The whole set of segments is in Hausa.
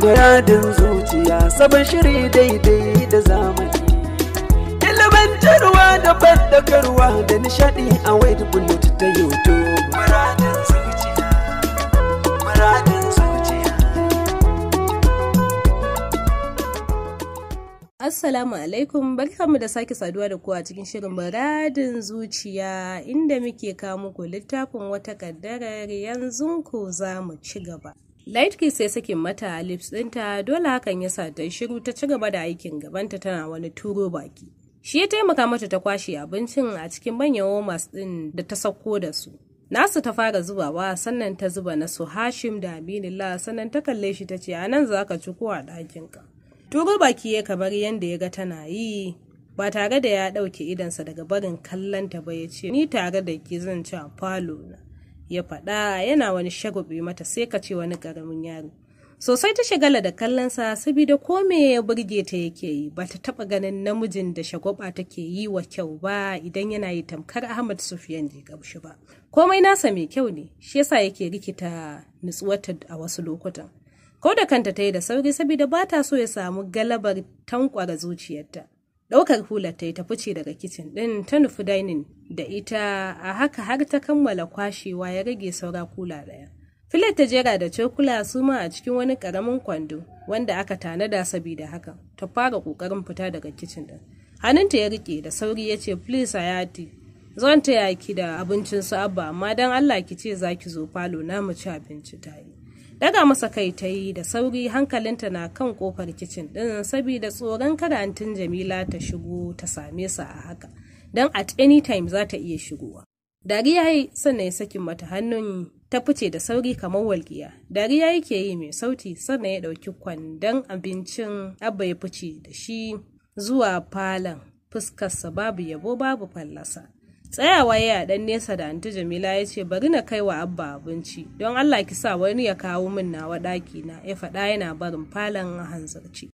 Muradin zuciya sabon shiri daidai da zamani. Ilimantarwa da bandagarwa da nishadi a wade bullet ta YouTube. Assalamu alaikum barkamu da sake saduwa da ku cikin shirin muradin zuciya inda muke kawo muku littafin wata kaddarar yanzu ko za mu ci gaba. light kiss ya sakin mata lips ɗinta dole hakan ya sa ta shiru ta ci gaba da aikin gabanta tana wani turo baki shi ya taimaka mata ta kwashe abincin a cikin manyan omas ɗin da ta sauko da su nasu ta fara zubawa sannan ta zuba na su hashim da aminillah sannan ta kalle shi ta ce a nan za ka ci ko a ɗakinka turo baki ya kamar yadda ya ga tana yi ba tare da ya ɗauke idansa daga barin kallonta ba ya ce ni tare da ki zan ci a falo na ya faɗa yana wani shagobe mata sai ka ce wani ƙaramin yaro sosai ta shagala da kallonsa saboda ko me ya burge ta yake yi ba ta taɓa ganin namijin da shagwaba take yi wa kyau ba idan yana yi tamkar ahmad sufiyan je gabshi ba komai nasa mai kyau ne shi yasa yake rikita nutsuwarta a wasu lokutan ko da kanta ta yi da sauri saboda ba ta so ya samu galabar tankwara zuciyarta ɗaukar hular ta yi ta fice daga kicin ɗin ta nufi dainin da ita a haka har ta kammala kwashewa ya rage saura kula ɗaya. Filet ta jera da cokula su ma a cikin wani ƙaramin kwando wanda aka tanada sabida haka ta fara ƙoƙarin fita daga kicin ɗin. Hannunta ya rike da sauri ya ce please Hayati zan taya ki da abincin su abba amma don Allah ki ce za ki zo falo na mu ci abinci ta yi." daga masa kai ta yi da sauri hankalinta na kan kofar kicin din saboda tsoron kada antin jamila ta shigo ta same sa a haka don at any time za ta iya shigowa dariya yi sannan ya sakin mata hannun ta fice da sauri kamar walƙiya dariya ke yi mai sauti sannan ya ɗauki kwandon abincin abba ya fice da shi zuwa falon fuskarsa babu yabo babu fallasa tsayawa ya dan nesa da anti jamila ya ce bari na kai wa abba abinci don allah ki sa wani ya kawo min nawa ɗaki na ya faɗa yana barin falon hanzarci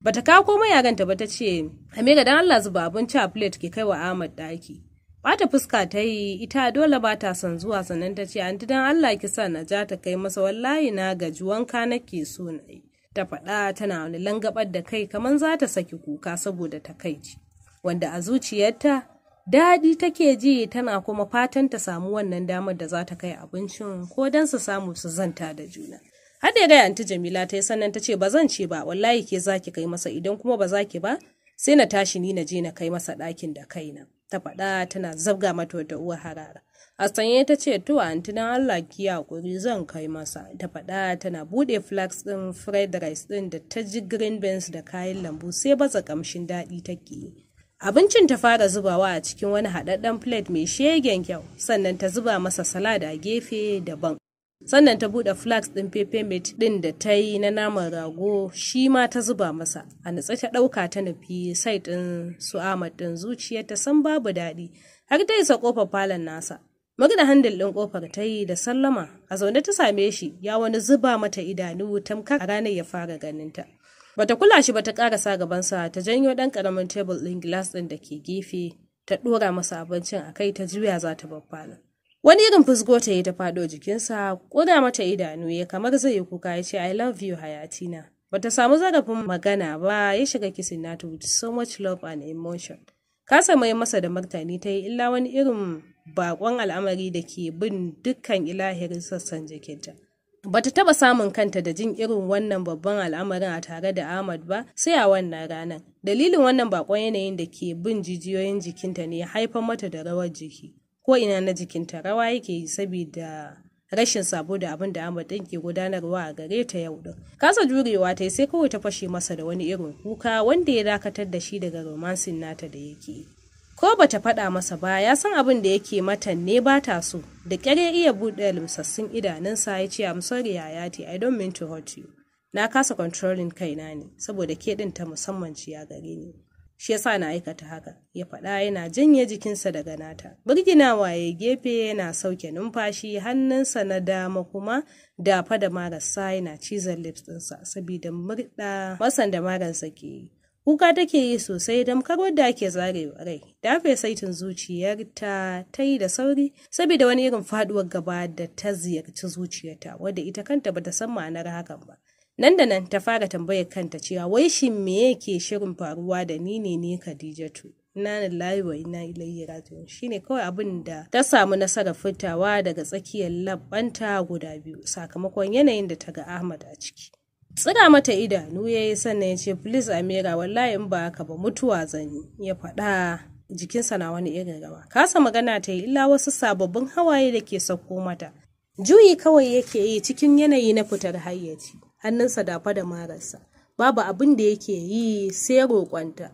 bata kawo komai yaran ta ta ce amira dan allah zuba abinci a plate ki kai wa ahmad daki bata fuska ta yi ita dole ba ta son zuwa sannan ta ce anti dan allah ki sa na ja ta kai masa wallahi na gaji wanka nake so na yi ta faɗa tana wani langabar da kai kamar za ta saki kuka saboda ta takaici wanda a zuciyarta daɗi take ji tana kuma fatan ta samu wannan damar da za ta kai abincin ko don su samu su zanta da juna. Har da anti Jamila ta yi sannan ta ce ba zan ce ba wallahi ke za ki kai masa idan kuma ba za ki ba sai na tashi ni na je na kai masa ɗakin da kaina. Ta faɗa tana zabga mata da uwa harara. A sanye ta ce to anti na Allah ki hakuri zan kai masa. Ta faɗa tana buɗe flax ɗin fried rice ɗin da ta ji green beans da kayan lambu sai baza ƙamshin daɗi take yi. Abincin ta fara zubawa a cikin wani haɗaɗɗen plate mai shegen kyau, sannan ta zuba masa salad a gefe daban. Sannan ta buɗe flax ɗin pepe ɗin da ta yi na naman rago shi ma ta zuba masa, a natsa ta ɗauka ta nufi sai ɗin su Ahmad ɗin zuciyar ta san babu daɗi, har ta isa ƙofar falon nasa. Magana handil ɗin ƙofar ta yi da sallama, a zaune ta same shi ya wani zuba mata idanu tamkar a ranar ya fara ganin ta. Bata kula shi bata ta gaban gabansa ta janyo dan karamin tebul ɗin gilas ɗin da ke gefe ta ɗora masa abincin a kai ta juya za ta babbala. Wani irin fusgo ta yi ta faɗo sa ƙura mata idanu ya kamar zai yi kuka ya ce I love you Hayatina. Bata samu zarafin magana ba ya shiga kisin nata with so much love and emotion. Kasa mai masa da martani ta yi illa wani irin bakon al'amari da ke bin dukkan ilahirin sassan jikinta. bata taba samun kanta da jin irin wannan babban al'amarin a tare da Ahmad ba sai a wannan ranar. Dalilin wannan bakon yanayin da ke bin jijiyoyin jikinta ne ya haifar mata da rawar jiki. Ko ina na jikinta rawa yake yi saboda rashin sabo da abin da Ahmad ɗin ke gudanarwa a gare ta yau din. Kasa jurewa ta sai kawai ta fashe masa da wani irin kuka wanda ya dakatar da shi daga romansin nata da yake ko bata faɗa masa ba ya san abin da yake mata ne ba ta so da ƙyar ya iya buɗe limsassun idanunsa ya ce am sorry yayati i don't mean to hurt you na kasa controlling kaina ne saboda ke din ta musamman ciya gare ni shi yasa na aikata haka ya faɗa yana janye jikinsa daga nata birginawa ya gefe yana sauke numfashi hannunsa na dama kuma dafa da marasa yana cizon lips ɗinsa saboda murɗa masan da maransa ke yi kuka take yi sosai damkar wadda ake zarewa rai dafe saitin zuciyarta ta yi da sauri saboda wani irin faduwar gaba da ta ziyarci zuciyarta wadda ita kanta bata san ma'anar hakan ba nan da nan ta fara tambayar kanta cewa wai shi me yake shirin faruwa da ni ne ne Khadijatu inna lillahi wa inna ilaihi Shi shine kawai abin da ta samu nasarar fitawa daga tsakiyar labbanta guda biyu sakamakon yanayin da ta ga Ahmad a ciki tsira mata idanu ya yi sannan ya ce please amira wallahi in ba ka ba mutuwa zan ya faɗa jikinsa na wani irin rawa kasa magana ta yi illa wasu sababbin hawaye da ke sauko mata juyi kawai yake yi cikin yanayi na fitar hayyaci hannunsa dafa da marasa. babu abin da yake yi sai roƙonta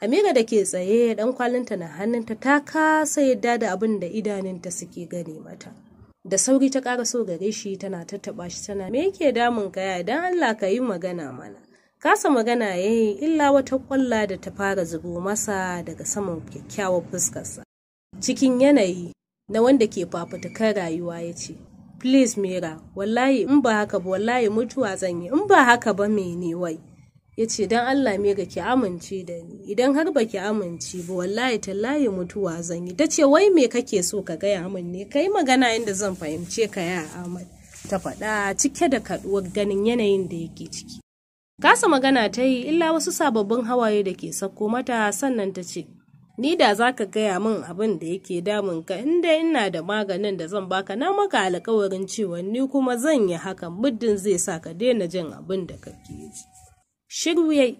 amira da ke tsaye dan kwalinta na hannunta ta kasa yadda da abin da idanunta suke gani mata da sauri ta ƙara so gare shi tana tattaɓa shi tana me yake damun kaya Dan Allah ka yi magana mana kasa magana ya yi illa wata ƙwalla da ta fara zubo masa daga saman kyakkyawar fuskarsa cikin yanayi na wanda ke fafutukar rayuwa ya ce please mera wallahi in ba haka ba wallahi mutuwa zan yi in ba haka ba me ne wai ya ce don Allah me ga ki amince da ni idan har ba ki amince ba wallahi tallahi mutuwa zan yi ta ce wai me kake so ka gaya min ne kai magana inda zan fahimce ka ya Ahmad ta faɗa cike da kaɗuwar ganin yanayin da yake ciki kasa magana ta yi illa wasu sababbin hawaye da ke sakko mata sannan ta ce ni da za ka gaya min abin da yake damun ka inda ina da maganin da zan baka na maka alkawarin cewa ni kuma zan yi hakan muddin zai sa ka daina jin abin da kake ji shiru ya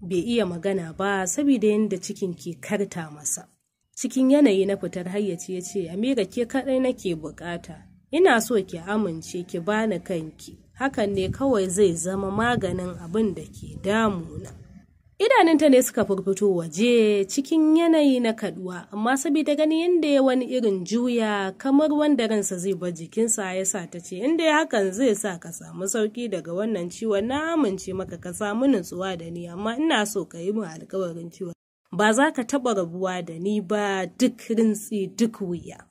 bai iya magana ba saboda yadda cikin ke karta masa cikin yanayi na fitar hayyaci ya ce amira ke kadai nake bukata ina so ki amince ki bani kanki hakan ne kawai zai zama maganin abin da ke damuna Idanunta ne suka furfito waje cikin yanayi na kaduwa, amma saboda ganin yadda ya wani irin juya kamar wanda ransa zai bar jikinsa ya sa ta ce, inda ya hakan zai sa ka samu sauki daga wannan ciwon na amince maka ka samu nutsuwa da ni, amma ina so ka yi min alkawarin ciwon. Ba za ka taɓa rabuwa da ni ba duk rintsi duk wuya.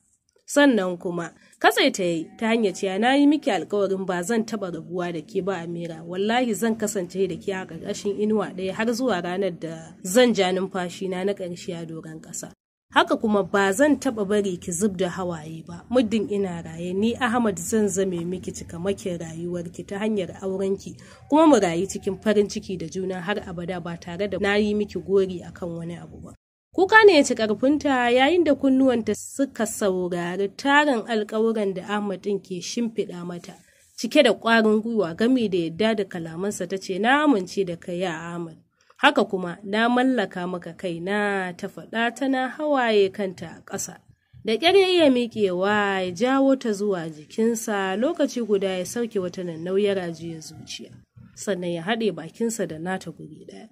Sannan kuma, Katse ta yi ta hanyar cewa na yi miki alkawarin ba zan taɓa rabuwa da ke ba a Amira wallahi zan kasance da ke a ƙarƙashin inuwa ɗaya har zuwa ranar da zan ja numfashi na na ƙarshe a doron ƙasa. Haka kuma ba zan taɓa bari ki zub da hawaye ba, muddin ina raye ni Ahmad zan zame miki cikamakin rayuwarki ta hanyar aurenki kuma mu rayu cikin farin ciki da juna har abada ba tare da na yi miki gori akan wani abu ba. Kuka ne ya ci ƙarfinta yayin da kunnuwanta suka saurari tarin alkawuran da Ahmad ɗin ke shimfiɗa mata, cike da ƙwarin gwiwa game da yadda da kalamansa ta ce na amince da kai ya Ahmad. Haka kuma na mallaka maka kai na ta faɗa tana hawaye kanta a ƙasa. Da ƙyar ya iya miƙewa ya jawo ta zuwa jikinsa lokaci guda ya sauke wata nan nauyar ajiyar zuciya, sannan ya haɗe bakinsa da nata guri ɗaya.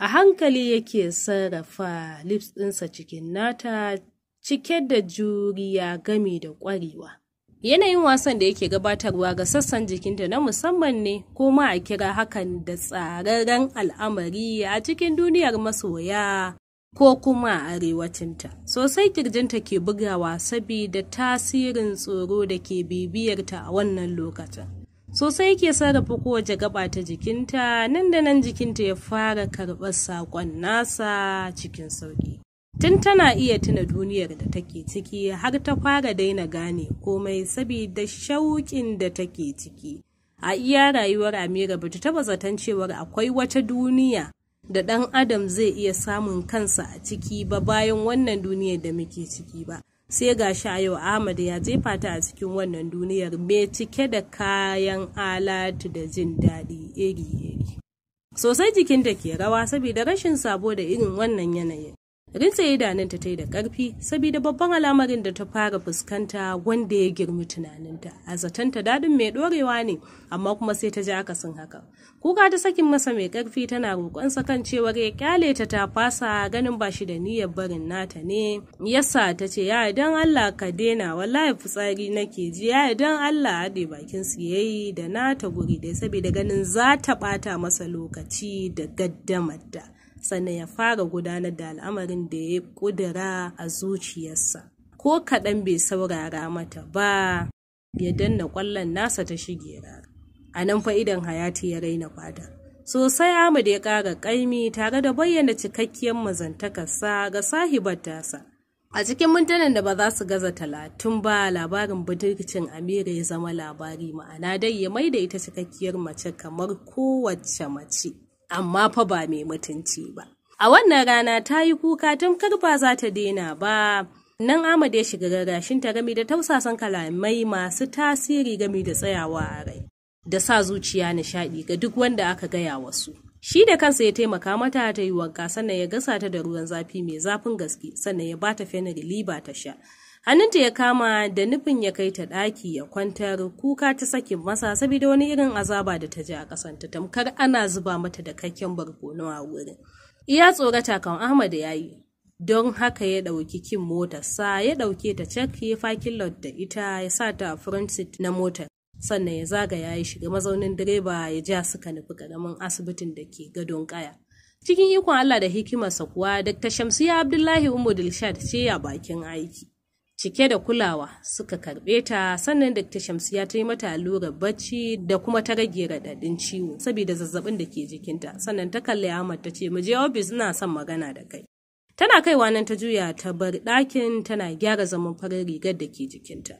A hankali yake sarrafa lips ɗinsa cikin nata cike da juriya gami da ƙwarewa. Yanayin wasan da yake gabatarwa ga sassan jikinta na musamman ne kuma a kira hakan da tsararren al'amari a cikin duniyar masoya ko kuma a arewacinta. Sosai kirjinta ke bugawa sabida tasirin tsoro da ke bibiyarta a wannan lokacin. sosai yake sarrafa kowace gaba ta jikinta nan da nan jikinta ya fara karɓar saƙon nasa cikin sauƙi tun tana iya tuna duniyar da take ciki har ta fara daina gane komai sabida shauƙin da take ciki a iya rayuwar amira ba ta taba zaton cewar akwai wata duniya da ɗan adam zai iya samun kansa a ciki ba bayan wannan duniyar da muke ciki ba sai ga shi yau ahmad ya jefa ta a cikin wannan duniyar mai cike da kayan alatu da jin daɗi iri-iri sosai jikinta ke rawa saboda rashin sabo da irin wannan yanayin Rintse idanunta ta yi da karfi saboda babban al'amarin da ta fara fuskanta wanda ya girmi tunaninta. A ta daɗin mai ɗorewa ne amma kuma sai ta ji akasin haka. Kuka ta sakin masa mai karfi tana roƙonsa kan cewar ya kyale ta ta fasa ganin ba shi da niyyar barin nata ne. Yasa ta ce ya idan Allah ka daina wallahi fitsari nake ji ya idan Allah haɗe bakin su yayi da nata guri da saboda ganin za ta ɓata masa lokaci da gaddamar da. sannan ya fara gudanar da al'amarin da ya ƙudira a zuciyarsa ko kaɗan bai saurara mata ba ya danna ƙwallon nasa ta shige rara a nan fa idan hayati ya raina fata sosai ahmad ya ƙara ƙaimi tare da bayyana cikakkiyar mazantakarsa ga sahibar tasa a cikin mintunan da ba za su gaza talatin ba labarin budurcin amira ya zama labari ma'ana dai ya maida ita cikakkiyar mace kamar kowace mace amma fa ba mai mutunci ba. A wannan rana ta yi kuka tun karfa za ta daina ba. Nan Ahmad ya shiga gargashin ta gami da tausasan kalamai masu tasiri gami da tsayawa a rai. Da sa zuciya nishaɗi ga duk wanda aka gaya wasu. Shi da kansa ya taimaka mata ta yi wanka sannan ya gasa ta da ruwan zafi mai zafin gaske sannan ya ba ta fenari liba ta sha hannunta ya kama da nufin ya kai ta ɗaki ya kwantar kuka ta sakin masa saboda wani irin azaba da ta ji a ƙasanta tamkar ana zuba mata da kakken barkono a wurin iya tsorata kan ahmad ya yi don haka ya ɗauki kin motarsa ya ɗauke ta cak ya fakin lot da ita ya sa ta a front seat na motar sannan ya zaga ya yi shiga mazaunin direba ya ja suka nufi ƙaramin asibitin da ke gadon kaya cikin ikon allah da hikimarsa kuwa dr shamsiya abdullahi umu dilshad ce a bakin aiki cike da kulawa suka karbe ta sannan Dr. Shamsiya ta yi mata allurar bacci da kuma ta rage raɗaɗin ciwo saboda zazzabin da ke jikinta sannan ta kalli Ahmad ta ce mu je ofis ina son magana da kai. Tana kaiwa nan ta juya ta bar ɗakin tana gyara zaman farin rigar da ke jikinta.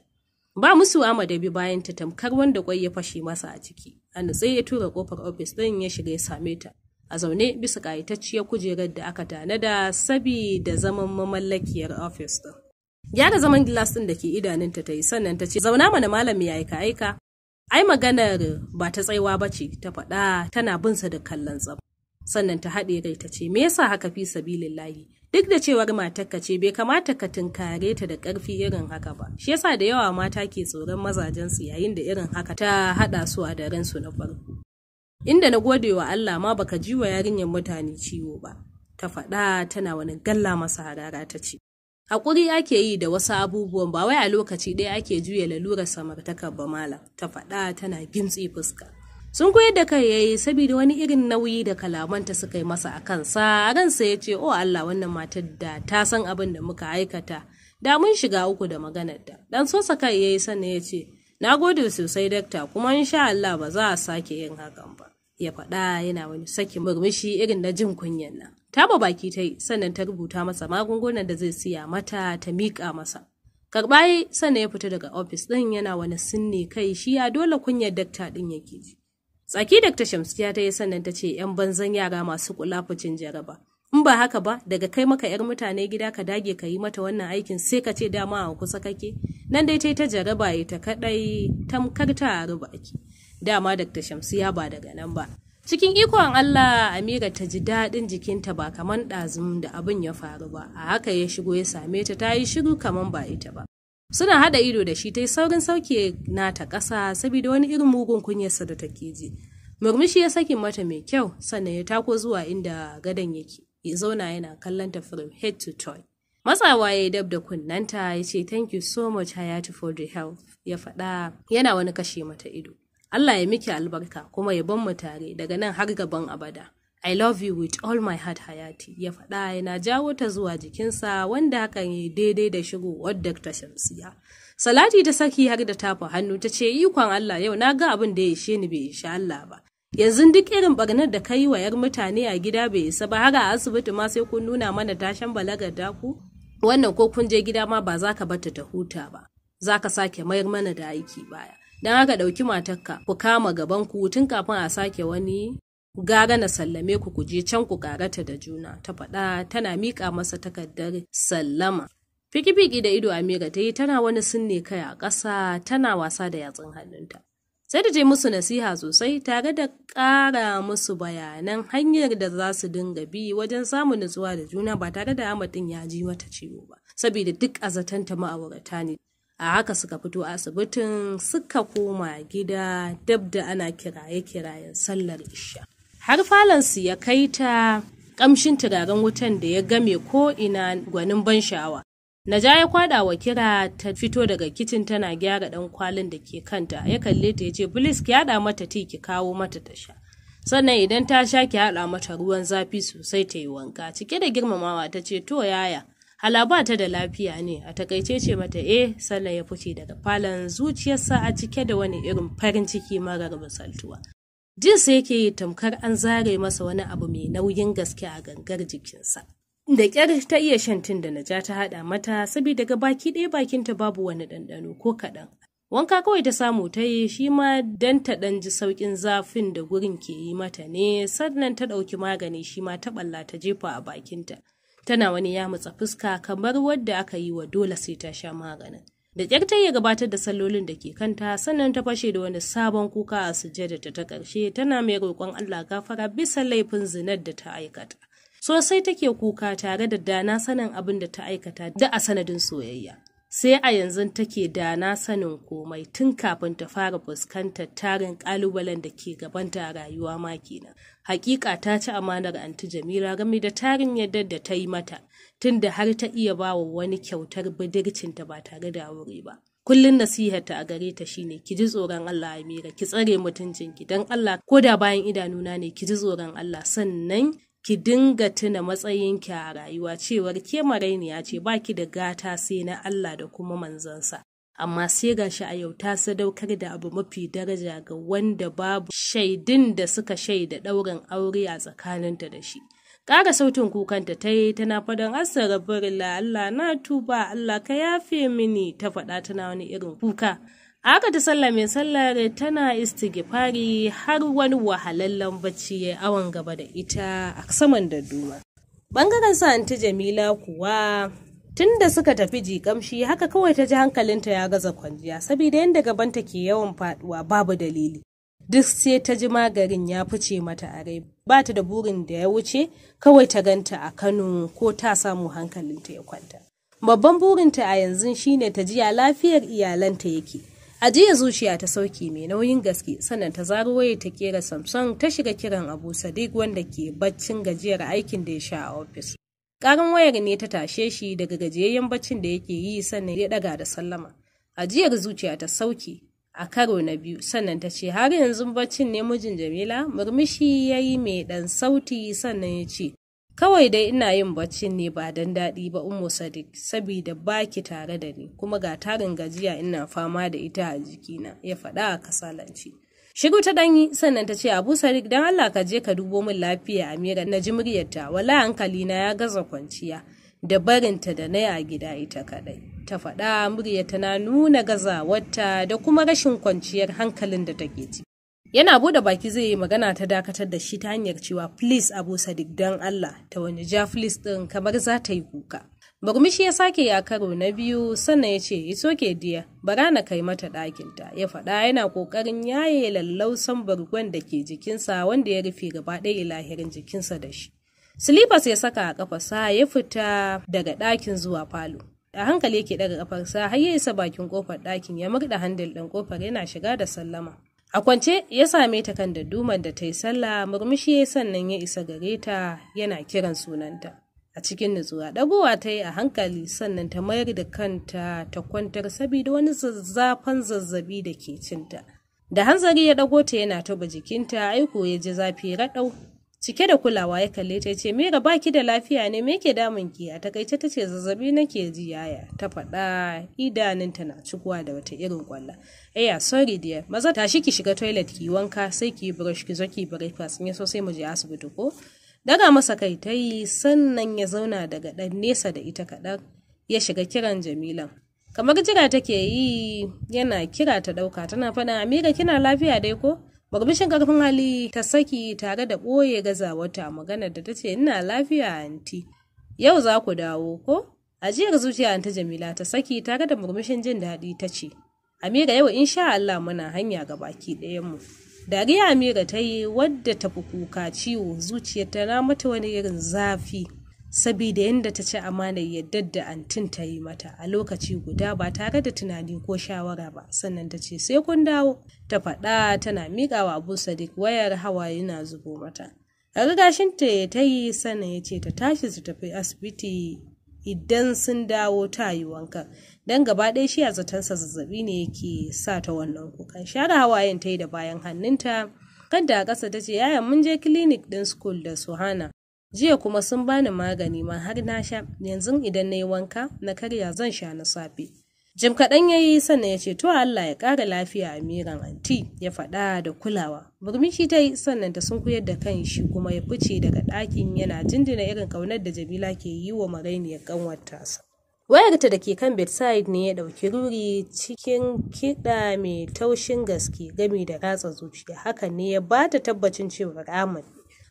Ba musu Ahmad da bi bayan ta tamkar wanda kwai ya fashe masa a ciki. A nutse ya tura kofar ofis ɗin ya shiga ya same ta. a zaune bisa ƙayatacciyar kujerar da aka tanada sabida zaman mamallakiyar ofis ɗin. Gyara zaman gilas ɗin da ke idanunta ta yi sannan ta ce, Zauna mana malami ya aika aika. Ai maganar ba ta tsaiwa ba ce, ta faɗa tana bin sa da kallon tsab. Sannan ta haɗe rai ta ce, Me yasa haka fi sabilillahi? Duk da cewar ka ce bai kamata ka tunkare ta da ƙarfi irin haka ba. Shi yasa da yawa mata ke tsoron mazajensu yayin da irin haka ta haɗa su a daren su na farko. Inda na gode wa Allah ma baka ji wa yarinyar mutane ciwo ba. Ta faɗa tana wani galla masa harara ta ce. hakuri ake yi da wasu abubuwan ba wai a lokaci ɗaya ake juya lalurar samartakar ba malam ta faɗa tana gimtsi fuska. Sun koyar da kai yayi saboda wani irin nauyi da kalamanta suka yi masa a kansa a ransa ya ce o oh Allah wannan matar da ta san abin da muka aikata da mun shiga uku da maganar da dan sosa kai yayi sannan ya ce na gode sosai dakta kuma insha Allah ba za a sake yin hakan ba. ya faɗa yana wani sakin murmushi irin na jin kunyan nan. Taba baki ta yi sannan ta rubuta masa magungunan da zai siya mata ta miƙa masa. Karɓa sannan ya fita daga ofis ɗin yana wani sinne kai shi ya dole kunyar dakta ɗin yake ji. Tsaki dakta Shamsiya ta yi sannan ta ce ‘yan banzan yara masu kula fucin jaraba. In ba haka ba daga kai maka ‘yar mutane gida ka dage ka yi mata wannan aikin sai ka ce dama a kusa kake. Nan dai ta yi ta jaraba ya ta kaɗai tamkar ta a ruba dama Dr. Shamsiya ba daga nan ba. Cikin ikon Allah Amira ta ji daɗin jikinta ba kaman ɗazum da abin ya faru ba, a haka ya shigo ya same ta ta yi shiru kaman ba ita ba. Suna haɗa ido da shi ta yi saurin sauke na ta ƙasa saboda wani irin mugun kunyarsa da take ji. Murmushi ya saki mata mai kyau sannan ya tako zuwa inda gadon yake, ya zauna yana kallon ta from head to toe. Matsawa ya yi dab da kunnanta ya ce thank you so much Hayatu for the help ya faɗa yana wani kashe mata ido. Allah ya miki albarka kuma ya ban mu tare daga nan har gaban abada. I love you with all my heart Hayati ya faɗa yana jawo ta zuwa jikinsa wanda hakan ya daidai da wa Dr. Shamsiya. Salati ta saki har da tafa hannu ta ce ikon Allah yau na ga abin da ya ishe ni bai ishe Allah ba. Yanzu duk irin barnar da ka yi wa 'yar mutane a gida bai isa ba har a asibiti ma sai kun nuna mana tashan balagar daku? Wannan ko kun je gida ma ba za ka bata ta huta ba. Za ka sake mayar mana da aiki baya. Don haka ɗauki matarka ku kama gaban ku tun kafin a sake wani gara na sallame ku kuje can ku karata da juna ta faɗa tana miƙa masa takardar sallama. Fiki-fiki da ido Amira ta yi tana wani sunne kai a ƙasa tana wasa da yatsun hannunta. Sai da je musu nasiha sosai tare da ƙara musu bayanan hanyar da za su dinga bi wajen samun nutsuwa da juna ba tare da amatin ya ji mata ciwo ba. Saboda duk azatanta ma'aurata ne a haka suka fito asibitin suka koma gida dab da ana kiraye-kirayen sallar isha har falansu ya kai ta kamshin turaren wutan da ya game ko ina gwanin ban sha'awa Naja ya kwada wa kira ta fito daga kicin tana gyara dan kwalin da ke kanta ya kalle ta ya ce bilis ki haɗa mata ti ki kawo mata ta sha sannan idan ta sha ki haɗa mata ruwan zafi sosai ta yi wanka cike da girmamawa ta ce to yaya Hala ba ta da lafiya ne, a takaice ce mata eh sannan ya fice daga falon zuciyarsa a cike da wani irin farin ciki marar misaltuwa. sa yake yi tamkar an zare masa wani abu mai nauyin gaske a gangar jikinsa. Da ƙyar ta iya shan tin da naja ta haɗa mata saboda ga baki ɗaya bakinta babu wani ɗanɗano ko kaɗan. Wanka kawai ta samu ta yi shi ma don ta ɗan ji sauƙin zafin da gurin ke yi mata ne sannan ta ɗauki magani shi ma ta ɓalla ta jefa a bakinta. tana wani yamutsa fuska kamar wadda aka yi wa dole sai ta sha maganin. Da ƙyar ta iya gabatar da sallolin da ke kanta sannan ta fashe da wani sabon kuka a ta ta ƙarshe tana mai roƙon Allah gafara bisa laifin zinar da ta aikata. Sosai take kuka tare da dana sanin abin da ta aikata da a sanadin soyayya. sai a yanzu take da na sanin komai tun kafin ta fara fuskantar tarin kalubalen da ke gabanta a rayuwa ma kenan hakika ta ci amanar anti jamila game da tarin yadda da ta yi mata tun da har ta iya ba wa wani kyautar bidircinta ba tare da aure ba kullun nasiharta a gare ta shine ki ji tsoron Allah Amira ki tsare mutuncin ki dan Allah koda da bayan idanuna ne ki ji tsoron Allah sannan ki dinga tuna matsayinki a rayuwa cewar ke marainiya ce ki da gata sai na Allah da kuma manzansa. Amma sai ga shi a yau ta sadaukar da abu mafi daraja ga wanda babu shaidin da suka shaida ɗaurin aure a tsakaninta da shi. Ƙara sautin kukanta ta yi tana faɗin asarar Allah na tuba Allah ka yafe mini ta faɗa tana wani irin kuka. Aka ta sallah mai sallar tana istighfari har wani wahalallen bacci ya awon gaba da ita a saman da Bangaren sa anti Jamila kuwa tun da suka tafi jikamshi haka kawai ta ji hankalinta ya gaza kwanjiya saboda yadda gaban ta ke yawan faduwa babu dalili. Duk sai ta ji magarin ya fice mata a rai ba ta da burin da ya wuce kawai ta ganta a Kano ko ta samu hankalinta ya kwanta. Babban burinta a yanzu shine ta jiya lafiyar iyalanta yake. ajiya zuciya ta sauke mai nauyin gaske sannan ta zaro waya ta kera samson ta shiga kiran abu sadiq wanda ke baccin gajiyar aikin da ya sha a ofis karin wayar ne ta tashe shi daga gajiyayyen baccin da yake yi sannan ya daga da sallama ajiyar zuciya ta sauke a karo na biyu sannan ta ce har yanzu baccin ne mijin jamila murmushi ya yi mai dan sauti sannan ya ce Kawai dai ina yin bacci ne ba don daɗi ba umu Sadiq, saboda ba ki tare da ni, kuma ga tarin gajiya ina fama da ita a jikina, ya faɗa a kasalanci Shigo ta ɗanyi sannan ta ce Abu Sadiq don Allah ka je ka dubo min lafiya Amira na ji muryarta, wala hankalina ya gaza kwanciya da barinta da na a gida ita kaɗai. Ta faɗa muryarta na nuna gazawarta da kuma rashin kwanciyar hankalin da take ci. yana bude baki zai yi magana ta dakatar da shi ta hanyar cewa please abu Sadik' don allah ta wani ja please din kamar za ta yi kuka Bagumishi ya sake ya karo na biyu sannan ya ce it's okay dear bara na kai mata ɗakinta ya faɗa yana ƙoƙarin yaye lallausan bargon da ke jikinsa wanda ya rufe gaba ɗaya lahirin jikinsa da shi. Slippers ya saka a kafasa ya fita daga ɗakin zuwa falo. A hankali yake ɗaga ƙafarsa har ya isa bakin kofar ɗakin ya murda handil ɗin kofar yana shiga da sallama. A kwance ya same ta kan daddumar da ta yi sallah murmushi sannan ya isa gare ta yana kiran sunanta. A cikin nutsuwa ɗagowa ta yi a hankali sannan ta mayar da kanta ta kwantar sabida wani zazzafan zazzabi da ke cinta. Da hanzari ya ɗago ta yana taɓa jikinta aiko ya ji zafi raɗau Cike da kulawa ya kalle ta ce, "Mera ba ki da lafiya ne me ke damun ki? A takaice ta ce zazzabi nake ji yaya. Ta faɗa idanunta na cikuwa da wata irin kwalla. Eya, sorry dia maza tashi ki shiga toilet ki wanka sai ki brush ki zo ki breakfast ne so sai mu je asibiti ko? Daga masa kai ta yi sannan ya zauna daga ɗan nesa da ita kaɗan ya shiga kiran Jamila. Kamar jira take yi yana kira ta ɗauka tana faɗa Amira kina lafiya dai ko? Murmushin karfin hali ta saki tare da ɓoye gazawarta magana da ta ce ina lafiya anti. Yau za ku dawo ko? Ajiyar zuciya anta Jamila ta saki tare da murmushin jin daɗi ta ce, Amira yau in sha Allah muna hanya ga baki ɗayan mu. Dariya Amira ta yi wadda ta fi kuka ciwo zuciyar ta na mata wani irin zafi. sabida yadda ta ci amana yadda da antin ta yi mata a lokaci guda ba tare da tunani ko shawara ba sannan ta ce sai kun dawo ta faɗa tana miƙa wa abu sadiq wayar hawa yana zubo mata a rigashin ta ya ta yi sannan ya ce ta tashi su tafi asibiti idan sun dawo ta yi wanka don gaba ɗaya shi a zatansa zazzabi ne yake sa ta wannan kukan share hawayen ta yi da bayan hannunta kanta a ƙasa ta ce 'Yaya mun je clinic ɗin school da suhana jiya kuma sun bani magani ma har na sha yanzu idan na yi wanka na karya zan sha na safe jim kaɗan ya yi sannan ya ce to Allah ya ƙara lafiya a amiran anti ya faɗa da kulawa murmushi ta yi sannan ta sunkuyar da kan shi kuma ya fice daga ɗakin yana jinjina irin ƙaunar da Jamila ke yi wa marainiyar ƙanwar tasa wayarta da ke kan bedside ne ya ɗauki ruri cikin kiɗa mai taushin gaske gami da ratsa zuciya hakan ne ya ba ta tabbacin cewa ramin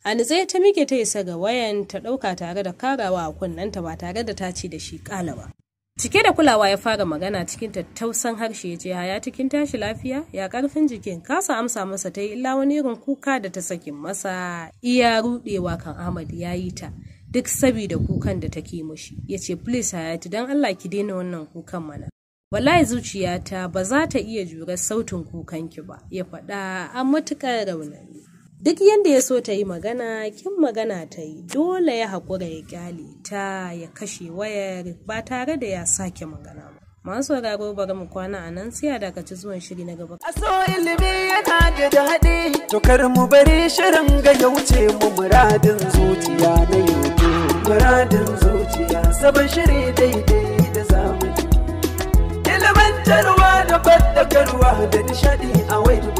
a ta mike ta isa ga wayan ta ɗauka tare da karawa a kunnanta ba tare da ta da shi kala ba cike da kulawa ya fara magana cikin tattausan harshe ya ce haya cikin tashi lafiya ya karfin jikin kasa amsa masa ta yi illa wani irin kuka da ta sakin masa iya rudewa kan ahmad ya yi ta duk sabida kukan da take mushi ya ce please hayati don allah ki daina wannan kukan mana wallahi zuciyata ba za ta iya jure sautin kukanki ba ya faɗa a matuƙar raunani duk yadda ya so ta yi magana kin magana ta yi dole ya haƙura ya kyale ta ya kashe wayar ba tare da ya sake magana ba masu sauraro bari mu kwana a nan siya daga ci zuwan shiri na gaba a so ilimi yana da daɗi to kar mu bari shirin ga ya wuce mu muradin zuciya na yanzu muradin zuciya sabon shiri daidai da zamani ilimantarwa da fadakarwa da nishaɗi a wai